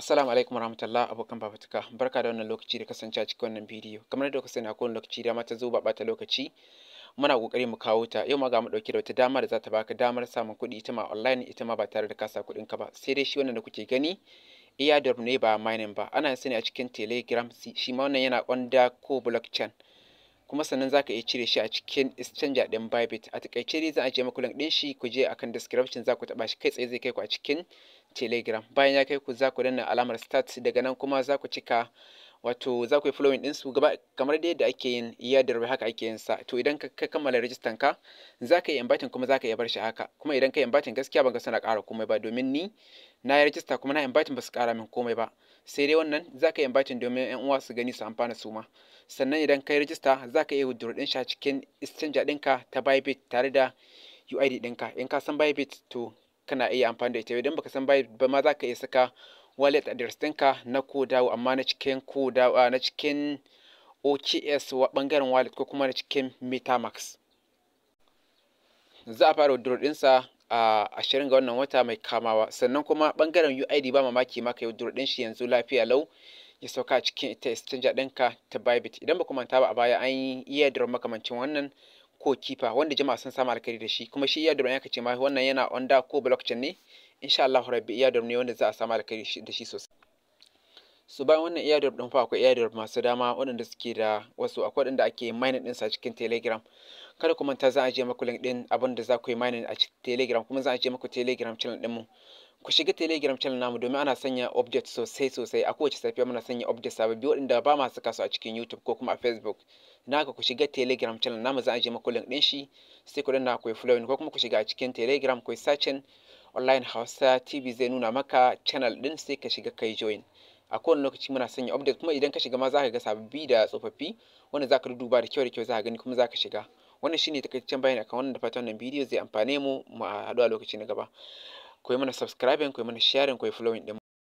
Assalamu alaikum warahmatullahi abokan babatuka barka da wannan lokaci da kasance a cikin wannan bidiyo kamar da kuka sani a kowane lokaci da mata zo ba bata lokaci muna kokari mu kawo ta yau ma ga mu dauke da wata dama da za ta baka damar samun kuɗi ita ma online ita ma ba tare da kasa kuɗin ka ba sai dai shi wannan da kuke gani iya da ne ba mining ba ana sani a cikin telegram shi ma wannan yana onda ko blockchain kuma sannan za ka iya cire shi a cikin exchanger ɗin Bybit a takaice dai zan ajiye muku link ɗin shi ku je akan description za ku taɓa shi kai tsaye zai kai ku a cikin telegram bayan ya kai ku za ku danna alamar start daga nan kuma za ku cika wato za ku yi following ɗinsu gaba kamar dai yadda ake yin iya da haka ake yin sa to idan ka kammala rajistan ka za ka yi inviting kuma za ka iya bar shi haka kuma idan ka yi inviting gaskiya ban ga suna ƙara komai ba domin ni na yi rajista kuma na inviting ba su ƙara min komai ba sai dai wannan za ka yi inviting domin yan uwa su gani su amfana su ma sannan idan ka yi rajista za ka iya withdraw ɗin shi cikin exchange ɗinka ta Bybit tare da UID ɗinka in ka san Bybit to kana iya amfani da ita idan baka san Bybit ba ma za ka iya saka wallet address ɗinka na kodawo amma na cikin kodawo ah, na cikin OKS wa ɓangaren wallet ko kuma na cikin Metamax. Za a fara withdraw ɗinsa a ashirin ga wannan wata mai kamawa sannan kuma ɓangaren UID ba mamaki ma ka yi withdraw ɗin shi yanzu lafiya lau ya sauka cikin ita exchange ɗinka ta Bybit idan ba ku manta ba a baya an yi iya makamancin wannan ko kifa wanda jama'a sun samu alkari da shi kuma shi iya da ya kace ma wannan yana onda ko blockchain ne insha Allah rabbi iyadar ne wanda za a samu alkhairi da shi sosai su bayan wannan iyadar din fa akwai iyadar masu dama waɗanda suke da wasu akwai waɗanda ake mining din a cikin telegram kada ku manta za a je maku link din abin da za ku yi mining a cikin telegram kuma za a je maku telegram channel din mu ku shiga telegram channel namu domin ana sanya update sosai sosai a kowace safiya muna sanya update sababbi waɗanda ba masu kasu a cikin youtube ko kuma a facebook na naka ku shiga telegram channel namu za a je maku link din shi sai ku danna ku yi following ko kuma ku shiga a cikin telegram ku yi searching online hausa tv zai nuna maka channel din sai ka shiga kai join a kowane lokaci muna sanya update kuma idan ka shiga ma za ka ga sababbi da tsofaffi wanda za ka duba da kyau da kyau za ka gani kuma za ka shiga wannan shine takaitaccen bayani akan wannan da fatan wannan bidiyo zai amfane mu mu haɗu a lokaci na gaba ku mana subscribing ku mana sharing ku following din